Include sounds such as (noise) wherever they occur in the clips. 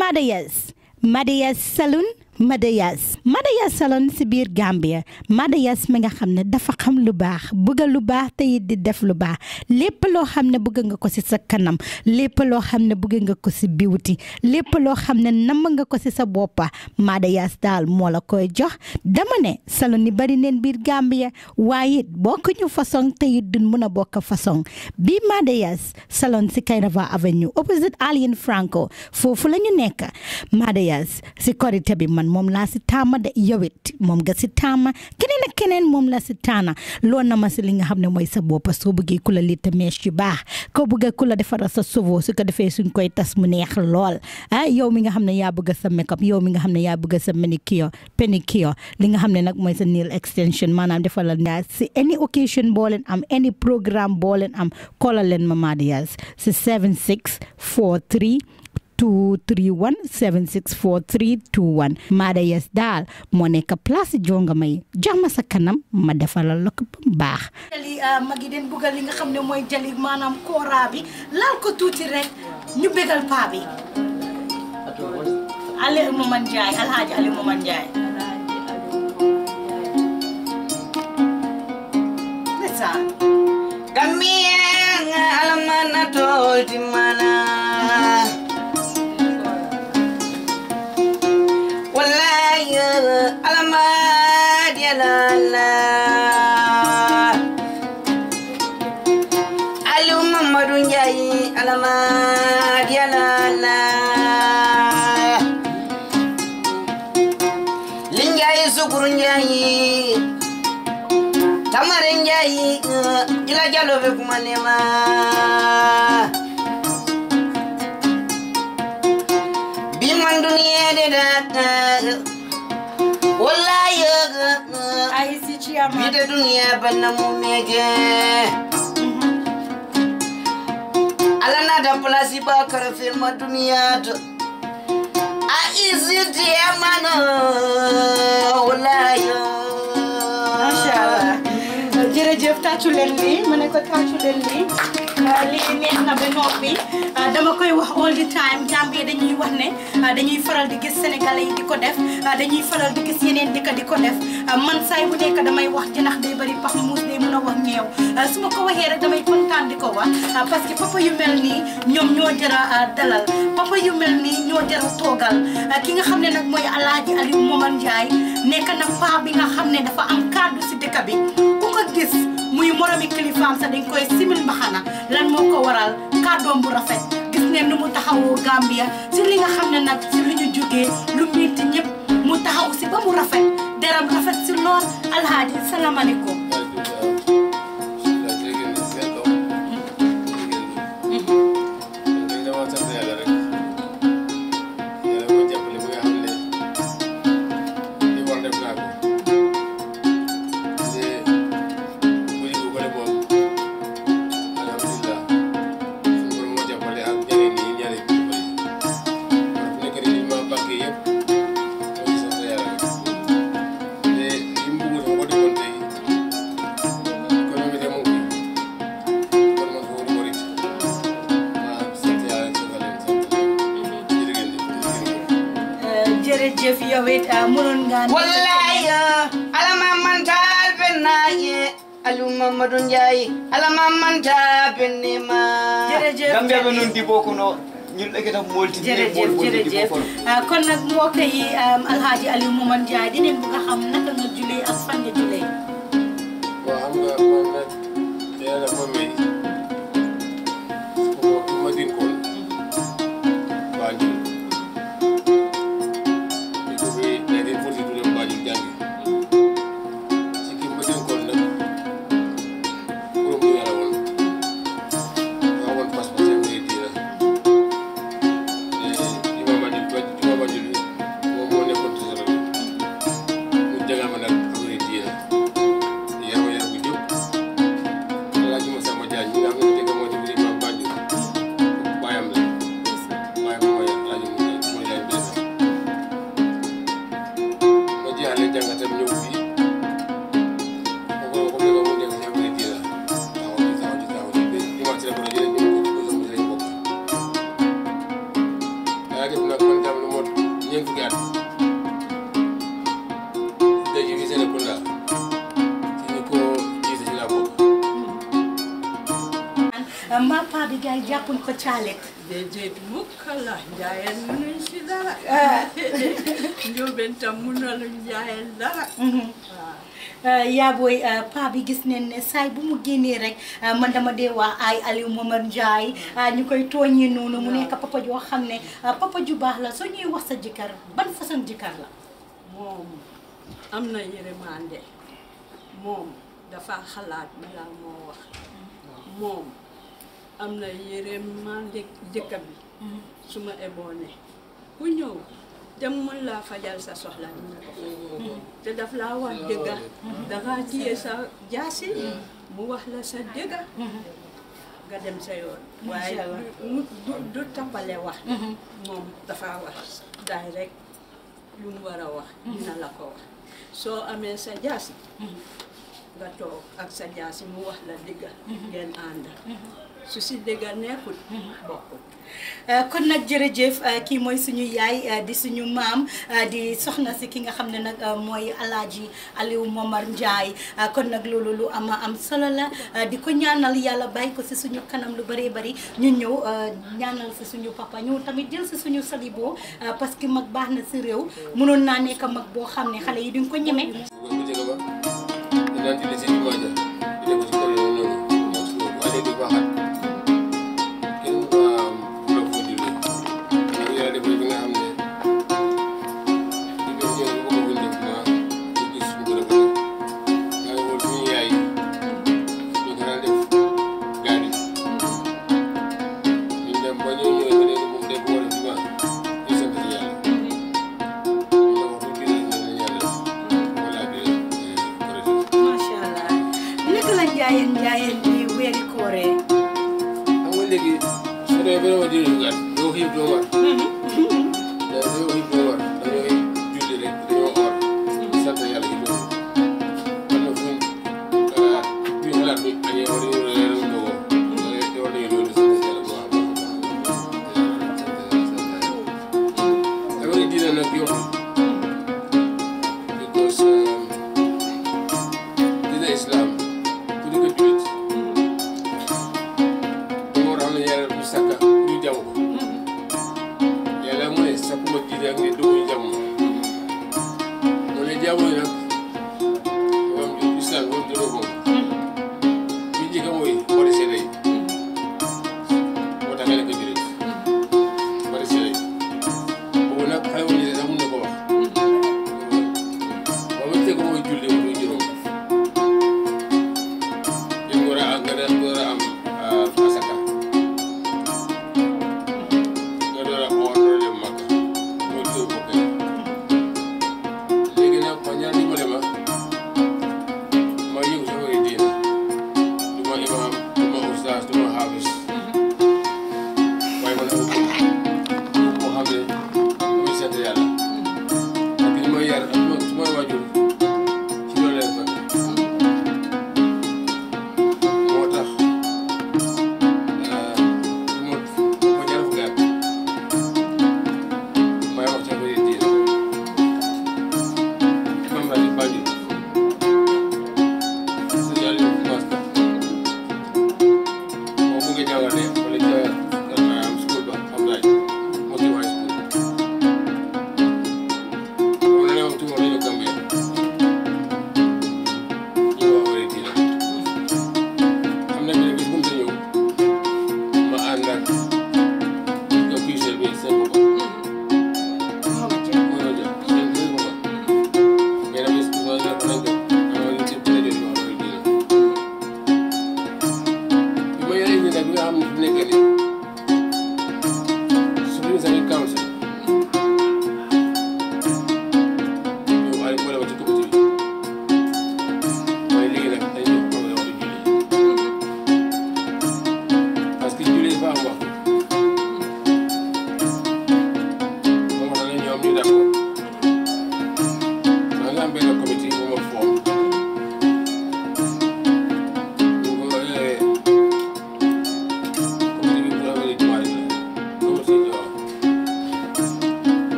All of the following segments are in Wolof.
Madayas, Madayas Saloon, Madayas Madayas Salone si biir Gambia Madayas mi nga xam ne dafa xam lu baax bëgg lu baax te it di def lu baax lépp loo xam ne bëgg nga ko si sa kanam lépp loo xam ne bëgg nga ko si beauty lépp loo xam ne namm nga ko si sa boppa Madayas daal moo la koy jox dama ne salon yi bari neen biir Gambia waaye bokkuñu façon te it duñ mun a bokk façon bii Madayas salon si Kairaba Avenue opposite Alien Franco foofu la ñu nekk Madayas si korité bi man moom laa si taama de yowit moom nga si taama keneen ak keneen moom la si taana lool na ma si li nga xam ne mooy sa boppa soo bëggee ku la li ta mees yu baax ko bëgg ku la defara sa sovo su ko defee suñ koy tas mu neex lool ah yow mi nga xam ne yaa bëgg sa makeup yow mi nga xam ne yaa bëgg sa manicure pedicure li nga xam ne nag mooy sa nail extension maanaam defal la ndaa si any occasion boo am any programme boo leen am koolal leen Mama Diaz si 7643 231764321 mada yes dal mo nekk place jonga may jox sa kanam ma defalal la ko baax jali magi den bugal li nga xam ne jali manam korabi bi laal ko tuti rek ñu bégal paa bi ale moman jaay alhaji ale moman jaay alamana tol di mana dia la la, jalo be kuma nema bi man duniya de da dunia bana mumege ala na da plasi ba karfin ma duniya a izi diya mana wulayo ማሻአላ ጀረ ጀፍታችሁ ለልኝ መነኮታችሁ ለልኝ lii neex na ba noppi ah, dama koy wax all the time Gambie dañuy wax ne ah, dañuy faral di gis sénégalais yi di ko def ah, dañuy faral di gis yeneen dëkk di ko def man saay bu nekk damay wax jinax day bëri pax muus day parce que papa yu mel nii ñoom ñoo jara dalal papa yu mel nii ñoo jara toogal ki nga xam ne nag mooy a Aliou a Ndiaye nekk na faa bi nga xam ne dafa am kàddu si dëkk bi ku ko gis muy moromi kilifaam sax dañ koy simil mbaxana lan moo ko waral kàddoom bu rafet gis ngeen nu mu taxawoo Gambia si li nga xam ne nag si lu ñu jógee lu miiti ñëpp mu taxaw si ba mu rafet deram rafet si lool alhaaji salaamaaleykum jëf yow it ah, mënoon nga wallaay ah. alama mantaal bennaaje Aliou Mamadou Ndiaye alama mantaa bennema jërëjëf Gambia be noon di bokkuno ñun ekata molti jërëjëf jërëjëf ah, kon nag mbokk yi Alhaji Alieu Momad Ndiaye dinañ bëgg a xam naka nga julee ak fan nga julee waaw xam nga man nag yàlla moom kuñ ko caalet déedéet mukk la njaayeen mënuñ si dara (laughs) ah. (laughs) njóobeen mhm. ah. ah, gis neen ne saay bu mu génnee rek man dama dee wax ay Alieu Momar Njie mm. ñu koy tooñee noonu mu nekk papa joo xam ne papa ju baax la soo ñuy wax sa jëkkër ban façon jëkkër la moom am na yërmande moom dafa xalaat balaa moo wax mm. moom Amna na ma maa jekam bi mm-hmm. suma ebone ku ñew dem mu la fajal sa soxla ni mm-hmm. te daf la wax mm-hmm. da nga ci sa jasi mu wax la sa dega ga dem sa yoon waaye du tapale wax mom dafa wax direct lu mu wara wax dina la ko wax so amé sa jasi, nga tok ak sa jasi mu wax la dega ngeen su si dégga neexul bokkul kon nag jërëjëf kii mooy suñu yaay di suñu maam di soxna si ki nga xam ne nag mooy alaaji Aliou Momar Ndiaye kon nag loolu lu ama am solo la di ko ñaanal yàlla bàyyi ko si suñu kanam lu bëree bëri ñu ñëw ñaanal si suñu papa ñu tamit jël si suñu Sadiboo parce que mag baax na si réew mënoon naa nekk mag boo xam ne xale yi duñ ko ñeme.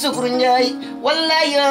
Sukkur Njaay wallaay yoo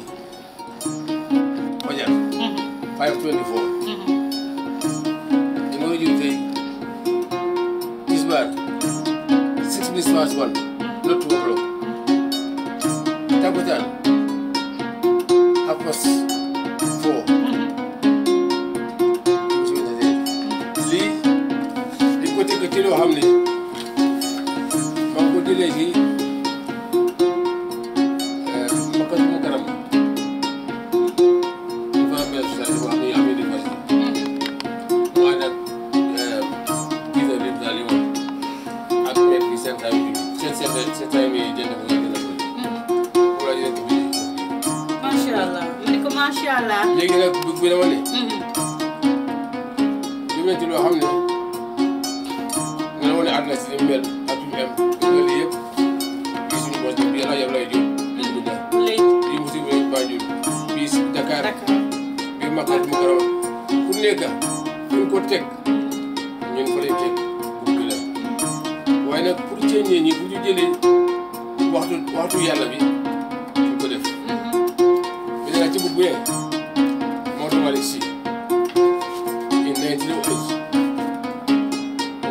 five twenty four. You know you say this bad six minutes past one, not two o'clock. Temperature half past. fi dama ne. ñu métti mm-hmm. loo xam ne dina wane àdduna si li mel ak li mel loolu yëpp gisuñu ko bi yàlla yàlla lay jóg. lii mu suuf lañu Banjul bii Dakar bii Makkaat mu Karam ku nekk ñu ko teg ñun fa lay teg bu la waaye nag pour ceeñee ñi bu ñu jëlee waxtu waxtu yàlla bi ñu ko def. mais mm-hmm. nag ci bu bu it's n t s o this o h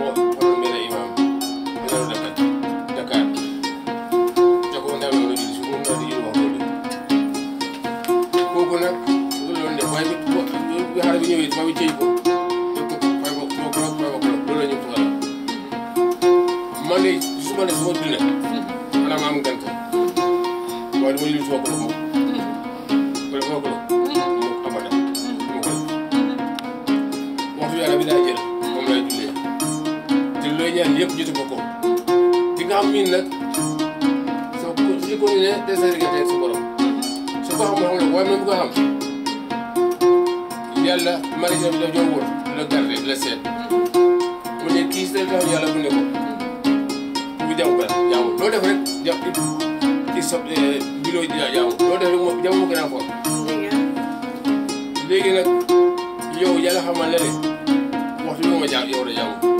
a n n y o u ñaan yépp jitu ko di nga xam miin nag soo ko si continué des na liggéey su borom su ko xam ne waaye même ko xam yàlla marie bi la jox woon la garde la seet mu ne kii si la yàlla bu ne ko mu jàmm ba jàmm loo def rek jàmm ci sob biloo ji jàmm loo def rek moom jàmm moo gën a fort léegi nag yow yàlla xamal la ne waxtu bi ma jàmm yow la jàmm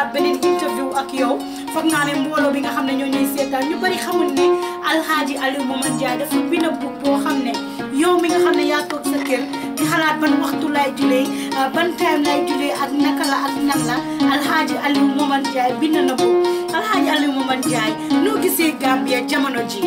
defaat beneen interview ak yow foog naa ne mbooloo bi nga xam ne ñoo ñuy seetaan ñu bari xamul ne Alhaji Alieu Momar Jaay dafa bind book boo xam ne yow mi nga xam ne yaa toog sa kër di xalaat ban waxtu lay jullee euh, ban time lay jullee ak naka la ak nan la Alhaji Alieu Momar Jaay Jaay noo gisee Gambia jamono ji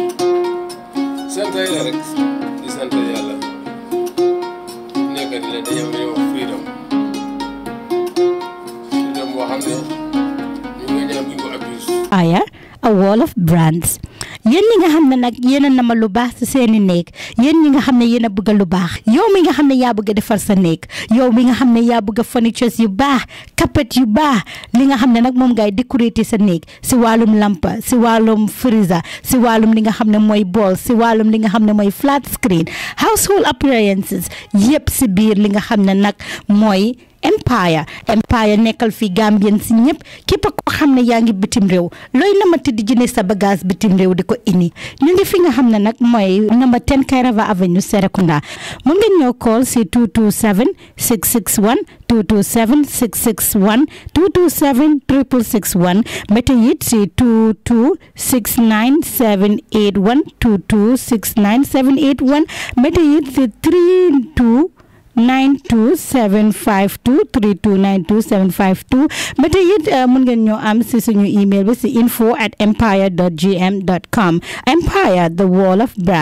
aya a wall of nga xam ne nag yéen a nama lu baax si seeni néeg yéen ñi nga xam ne yéen a bëgg lu baax yow mi nga xam ne yaa bëgg a defar sa néeg yow mi nga xam ne yaa bëgg a furnitures yu baax carpet yu baax li nga xam ne nag moom ngay décorer sa néeg si wàllum lampa si wàllum frisa si wàllum li nga xam ne mooy bool si wàllum li nga xam ne mooy flat screen household appliances yëpp si biir li nga xam ne nag mooy empire empire nekkal fi Gambien si ñëpp képp koo xam ne yaa ngi bitim réew looy namati di jëne sa bagage bitim réew di ko indi ñu ngi fi nga xam ne nag mooy number 10 Kairaba Avenue Serekunda mun ngeen ñoo call si 227 661 227 661 227 661 mbete it si 2269781 2269781 mbete it si 32 92752329272 uh, uh, um, ba tey it mun ngeen ñoo am si suñu email bi si info at empire dot gm dot com empire the wall of brand